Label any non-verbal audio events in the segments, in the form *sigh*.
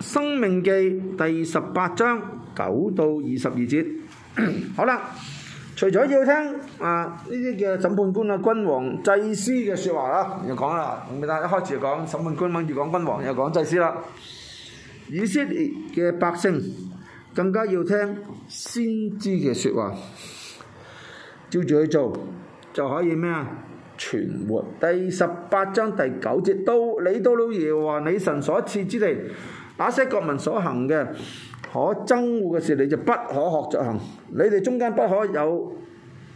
申命記第十八章九到二十二節， *coughs* 好啦，除咗要聽啊呢啲嘅審判官啊、君王、祭司嘅説話啦，又講啦，我哋一開始就講審判官，跟住講君王，又講祭司啦。以色列嘅百姓更加要聽先知嘅説話，照住去做就可以咩啊存活。第十八章第九節，到你到老爺話你神所賜之地。那些國民所行嘅可憎惡嘅事，你就不可學著行。你哋中間不可有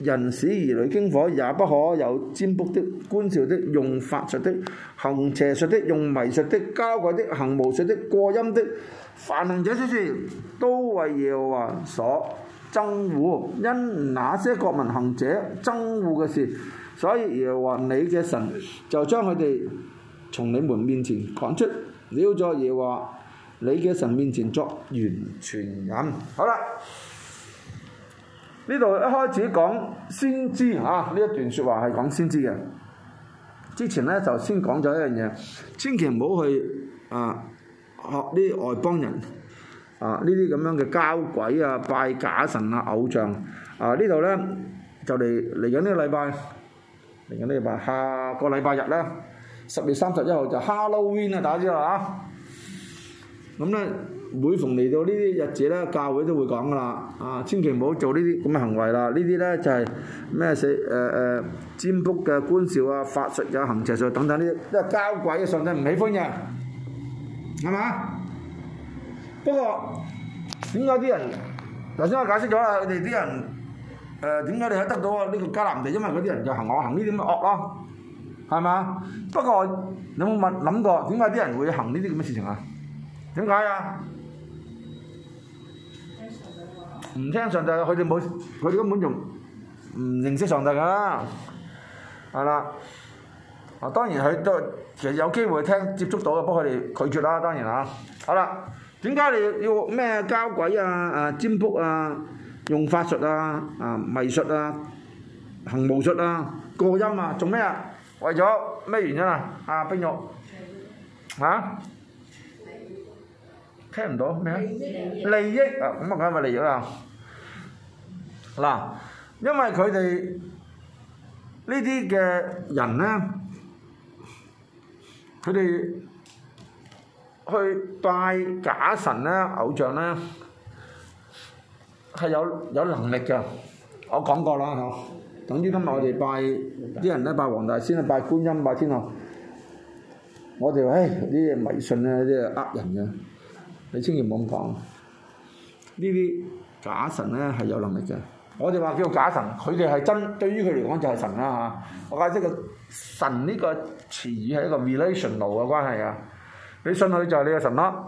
人使兒女經火，也不可有占卜的、觀兆的、用法術的、行邪術的、用迷術的、交鬼的、行巫術的、過陰的凡行者之事，都為耶和華所憎惡。因那些國民行者憎惡嘅事，所以耶和華你嘅神就將佢哋從你們面前趕出了，了咗耶和華。你嘅神面前作完全人。好啦，呢度一開始講先知啊，呢一段説話係講先知嘅。之前咧就先講咗一樣嘢，千祈唔好去啊學啲外邦人啊呢啲咁樣嘅交鬼啊、拜假神啊、偶像啊。呢度咧就嚟嚟緊呢個禮拜，嚟緊呢個禮拜下個禮拜日咧，十月三十一號就 Halloween 啊，大家知道啊！咁咧，每逢嚟到呢啲日子咧，教會都會講㗎喇，啊，千祈唔好做呢啲咁嘅行為啦。呢啲咧就係咩死誒誒，占卜嘅觀兆啊、法術啊、行邪術等等呢，都係交鬼嘅上帝唔喜歡嘅，係嘛？不過點解啲人頭先我解釋咗啦，佢哋啲人誒，點解你係得到呢個迦南地？因為嗰啲人就行我行呢啲咁嘅惡咯，係嘛？不過你有冇問諗過點解啲人會行呢啲咁嘅事情啊？點解啊？唔聽上帝啊！佢哋根本就唔認識上帝㗎啦，係啦。啊，當然佢都其實有機會聽接觸到嘅，幫佢哋拒絕啦。當然啊，好啦。點解你要咩交鬼啊？占卜啊，用法術啊，啊，迷術啊，行巫術啊，過陰啊，做咩啊？為咗咩原因啊？啊，逼玉嚇？啊聽唔到咩啊？利益啊！咁啊，梗係咪利益啊？嗱，因為佢哋呢啲嘅人咧，佢哋去拜假神咧，偶像咧，係有有能力嘅。我講過啦，嗬。等於今日我哋拜啲人咧，拜黃大仙啊，拜觀音，拜天后，我哋話：，唉，啲迷信啊，啲呃人嘅。你千祈唔好咁講，呢啲假神咧係有能力嘅。我哋話叫做假神，佢哋係真。對於佢嚟講就係神啦、啊、嚇。我解釋個神呢個詞語係一個 relation 路嘅關係啊。你信佢就係你嘅神咯、啊。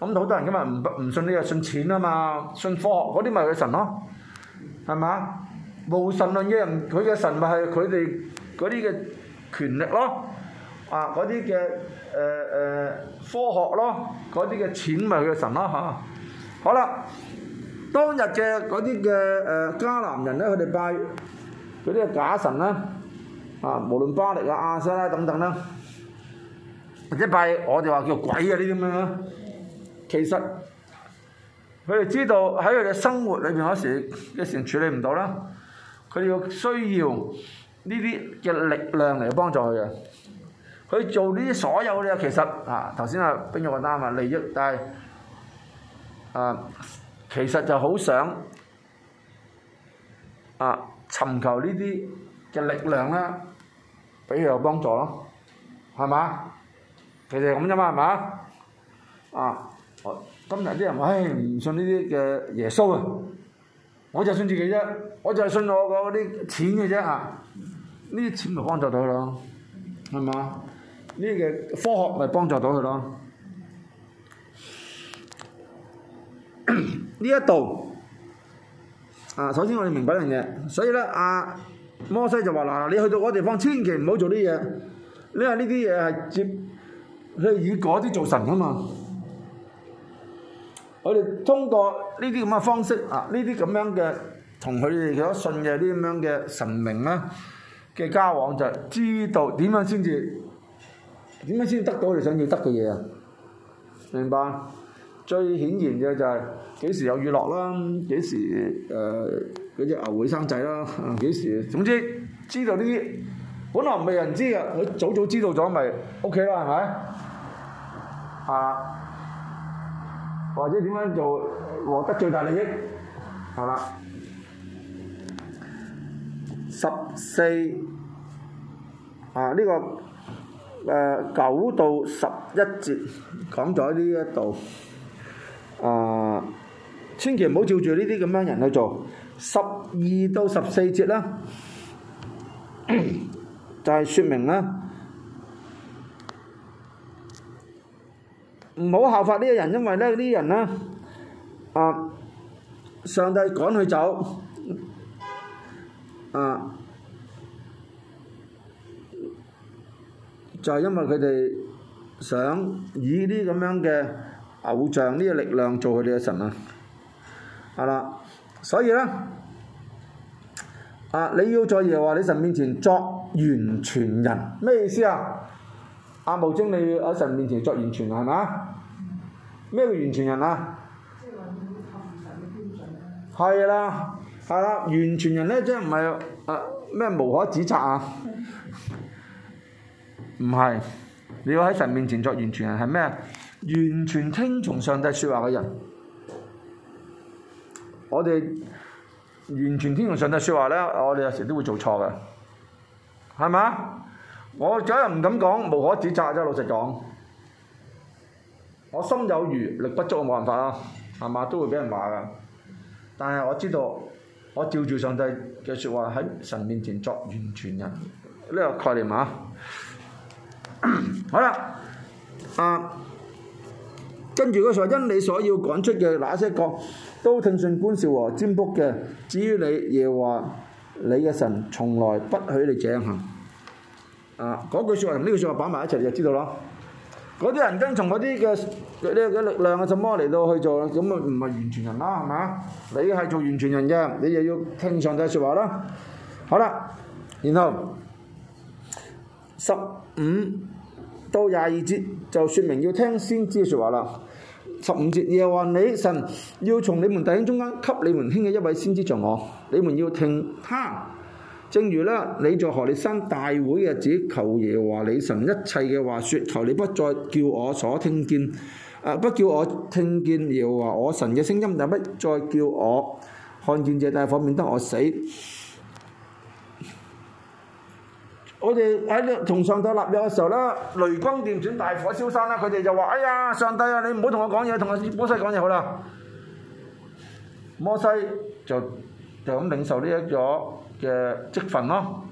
咁好 *coughs* 多人今日唔信你就信，信錢啊嘛，信科學嗰啲咪佢嘅神咯、啊，係嘛？無神論嘅人佢嘅神咪係佢哋嗰啲嘅權力咯、啊。啊！嗰啲嘅誒誒科學咯，嗰啲嘅錢咪佢嘅神咯嚇。好啦，當日嘅嗰啲嘅誒迦南人咧，佢哋拜嗰啲假神啦，啊，無論巴力啊、亞西拉等等啦，或者拜我哋話叫鬼啊呢啲咁樣咯。其實佢哋知道喺佢哋生活裏邊嗰時一時處理唔到啦，佢要需要呢啲嘅力量嚟幫助佢嘅。佢做呢啲所有嘅嘢，其實啊，頭先啊，邊個話啱啊？利益，但係啊，其實就好想啊，尋求呢啲嘅力量啦，俾佢有幫助咯，係嘛？其實咁啫嘛，係嘛？啊，今日啲人話，唉，唔、哎、信呢啲嘅耶穌啊，我就信自己啫，我就係信我嗰啲錢嘅啫啊，呢啲錢咪幫助到佢咯，係嘛？呢嘅科學咪幫助到佢咯，咯？呢一度啊，首先我哋明白一樣嘢，所以咧、啊、阿摩西就話：嗱、啊，你去到嗰地方，千祈唔好做呢嘢，因為呢啲嘢係接你以嗰啲做神啊嘛。我哋通過呢啲咁嘅方式啊，呢啲咁樣嘅同佢哋所信嘅啲咁樣嘅神明咧嘅交往，就是、知道點樣先至。點樣先得到你想要得嘅嘢啊？明白？最顯然嘅就係、是、幾時有雨落啦，幾時誒嗰隻牛會生仔啦，幾時？總之知道呢啲本來唔被人知嘅，佢早早知道咗咪 OK 啦，係咪？啊，或者點樣做獲得最大利益？係、啊、啦，十四啊呢、這個。呃、九到十一節講咗呢一度，啊、呃，千祈唔好照住呢啲咁樣人去做。十二到十四節啦、啊，就係、是、説明啦、啊，唔好效法呢啲人，因為呢啲人咧、啊，啊、呃，上帝趕佢走，啊、呃。就係因為佢哋想以呢啲咁樣嘅偶像，呢個力量做佢哋嘅神啊，係啦，所以咧啊，你要在耶和華你神面前作完全人，咩意思啊？阿無精，你要喺神面前作完全人係，啊、嘛？咩叫完全人啊？即係話啦。係啦，係啦，完全人咧即係唔係啊咩無可指責啊？唔係，你要喺神面前作完全人係咩？完全聽從上帝説話嘅人，我哋完全聽從上帝説話咧，我哋有時都會做錯嘅，係咪？我梗係唔敢講，無可指責。即係老實講，我心有餘力不足，冇辦法啊，係嘛，都會俾人話噶。但係我知道，我照住上帝嘅説話喺神面前作完全人，呢個概念啊。 *coughs* 好啦，啊，跟住嗰句說話，因你所要講出嘅那些個都聽信觀兆和占卜嘅。至於你，耶和華你嘅神從來不許你這樣行。啊，嗰句說話同呢句說話擺埋一齊，你就知道咯。嗰啲人跟從嗰啲嘅呢嘅力量啊，什麼嚟到去做，咁啊唔係完全人啦，係咪？你係做完全人嘅，你又要聽上帝說話啦。好啦，然後十五。到廿二節就説明要聽先知説話啦。十五節耶和華你神要從你們弟兄中間給你們興起一位先知像我，你們要聽他。正如啦你在何烈山大會嘅日子求耶和華你神一切嘅話説，求你不再叫我所聽見、呃，誒不叫我聽見耶和華我神嘅聲音，但不再叫我看見這大火，免得我死。我哋喺呢，同上帝立約嘅時候咧，雷光電轉，大火燒山啦。佢哋就話：哎呀，上帝啊，你唔好同我講嘢，同阿摩西講嘢好啦。摩西就就咁領受呢一組嘅積分咯。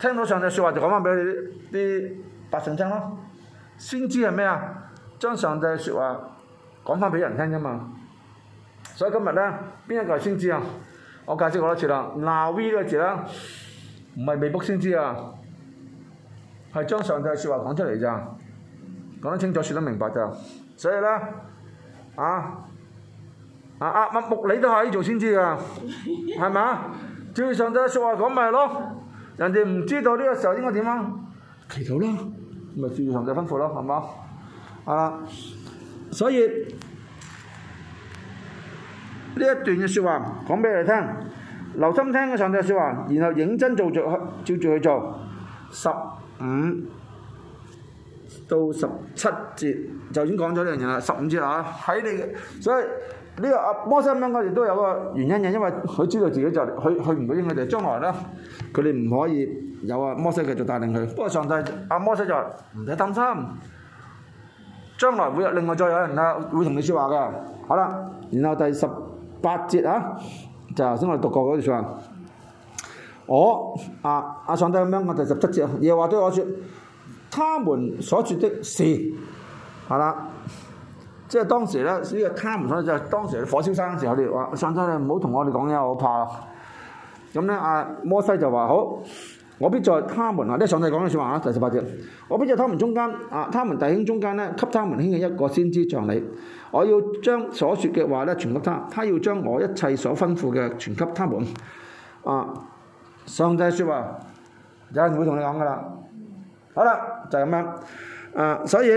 聽到上帝説話就講翻俾啲啲百姓聽咯。先知係咩啊？將上帝説話講翻俾人聽啫嘛。所以今日呢，邊一個係先知啊？我解釋過多次啦，NaVi 呢、這個字啦，唔係未卜先知啊。係將上帝嘅説話講出嚟咋，講得清楚，説得明白咋。所以咧，啊啊啊物物理都係要做先知㗎，係咪啊？照、啊、 *laughs* 上帝嘅説話講咪係咯，人哋唔知道呢個時候應該點啊？祈禱啦，咪照上帝吩咐咯，係嘛？啊，所以呢以一段嘅説話講畀你聽？留心聽個上帝嘅説話，然後認真做著，照著去做十。五、嗯、到十七節就已經講咗呢樣嘢啦，十五節啊，喺你，所以呢、這個阿、啊、摩西咁樣，我哋都有個原因嘅，因為佢知道自己就佢佢唔可以，佢哋將來咧，佢哋唔可以有阿、啊、摩西繼續帶領佢。不過上帝阿、啊、摩西就唔使擔心，將來會有另外再有人啦，會同你說話噶。好啦，然後第十八節啊，就頭先我哋讀過嗰段説話。我啊，阿上帝咁樣，第我第十七節，耶和華對我説：他們所説的事，係啦，即係當時咧呢個他們所，所以就係當時火燒山嗰時候，你哋話上帝你唔好同我哋講嘢，我怕。咁、嗯、咧，阿、啊、摩西就話好，我必在他們啊，即上帝講嘅説話啦，第十八節，我必在他們中間，啊，他們弟兄中間咧，給他們兄嘅一個先知像你，我要將所説嘅話咧傳給他，他要將我一切所吩咐嘅傳給他們，啊。上帝説話，有人會同你講㗎啦。好啦，就係、是、咁樣。誒、呃，所以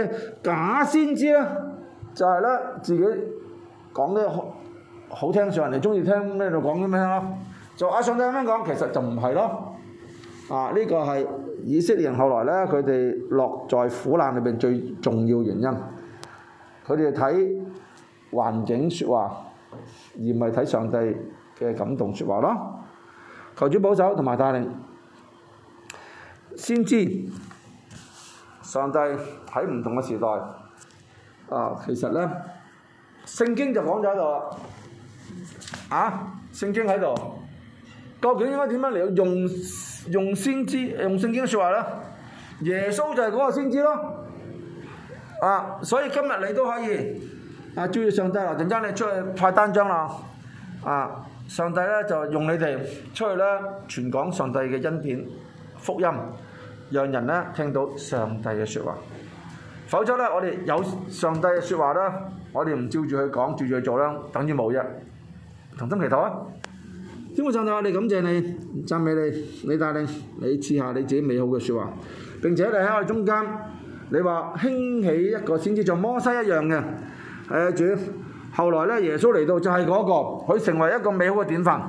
假先知咧，就係、是、呢自己講啲好，好聽說話，上人哋中意聽咩就講啲咩咯。就阿上帝咁樣講，其實就唔係咯。啊，呢、這個係以色列人後來呢，佢哋落在苦難裏面最重要原因。佢哋睇環境説話，而唔係睇上帝嘅感動説話咯。求主保守同埋帶領，先知上帝喺唔同嘅時代，啊，其實咧聖經就講咗喺度啦，啊，聖經喺度，究竟應該點樣嚟用用先知用聖經嘅説話咧？耶穌就係嗰個先知咯，啊，所以今日你都可以啊，追上上帝啦，陣間你出去派單張啦，啊。上帝咧就用你哋出去咧傳講上帝嘅恩典、福音，讓人咧聽到上帝嘅說話，否則咧，我哋有上帝嘅說話咧，我哋唔照住去講，照住去做啦，等於冇啫。同心祈禱，啊！天父上帝，我哋感謝你，讚美你，你帶領你賜下你自己美好嘅說話，並且你喺我哋中間，你話興起一個先知，像摩西一樣嘅，誒、呃、主。後來咧，耶穌嚟到就係嗰，那個，佢成為一個美好嘅典範，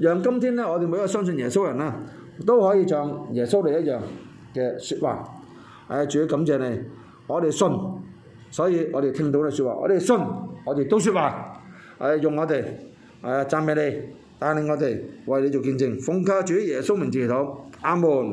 讓今天咧我哋每一個相信耶穌人咧，都可以像耶穌嚟一樣嘅說話。誒，主，感謝你，我哋信，所以我哋聽到你說話，我哋信，我哋都說話。誒，用我哋，誒讚美你，帶領我哋為你做見證。奉靠主耶穌名字祈禱，阿門。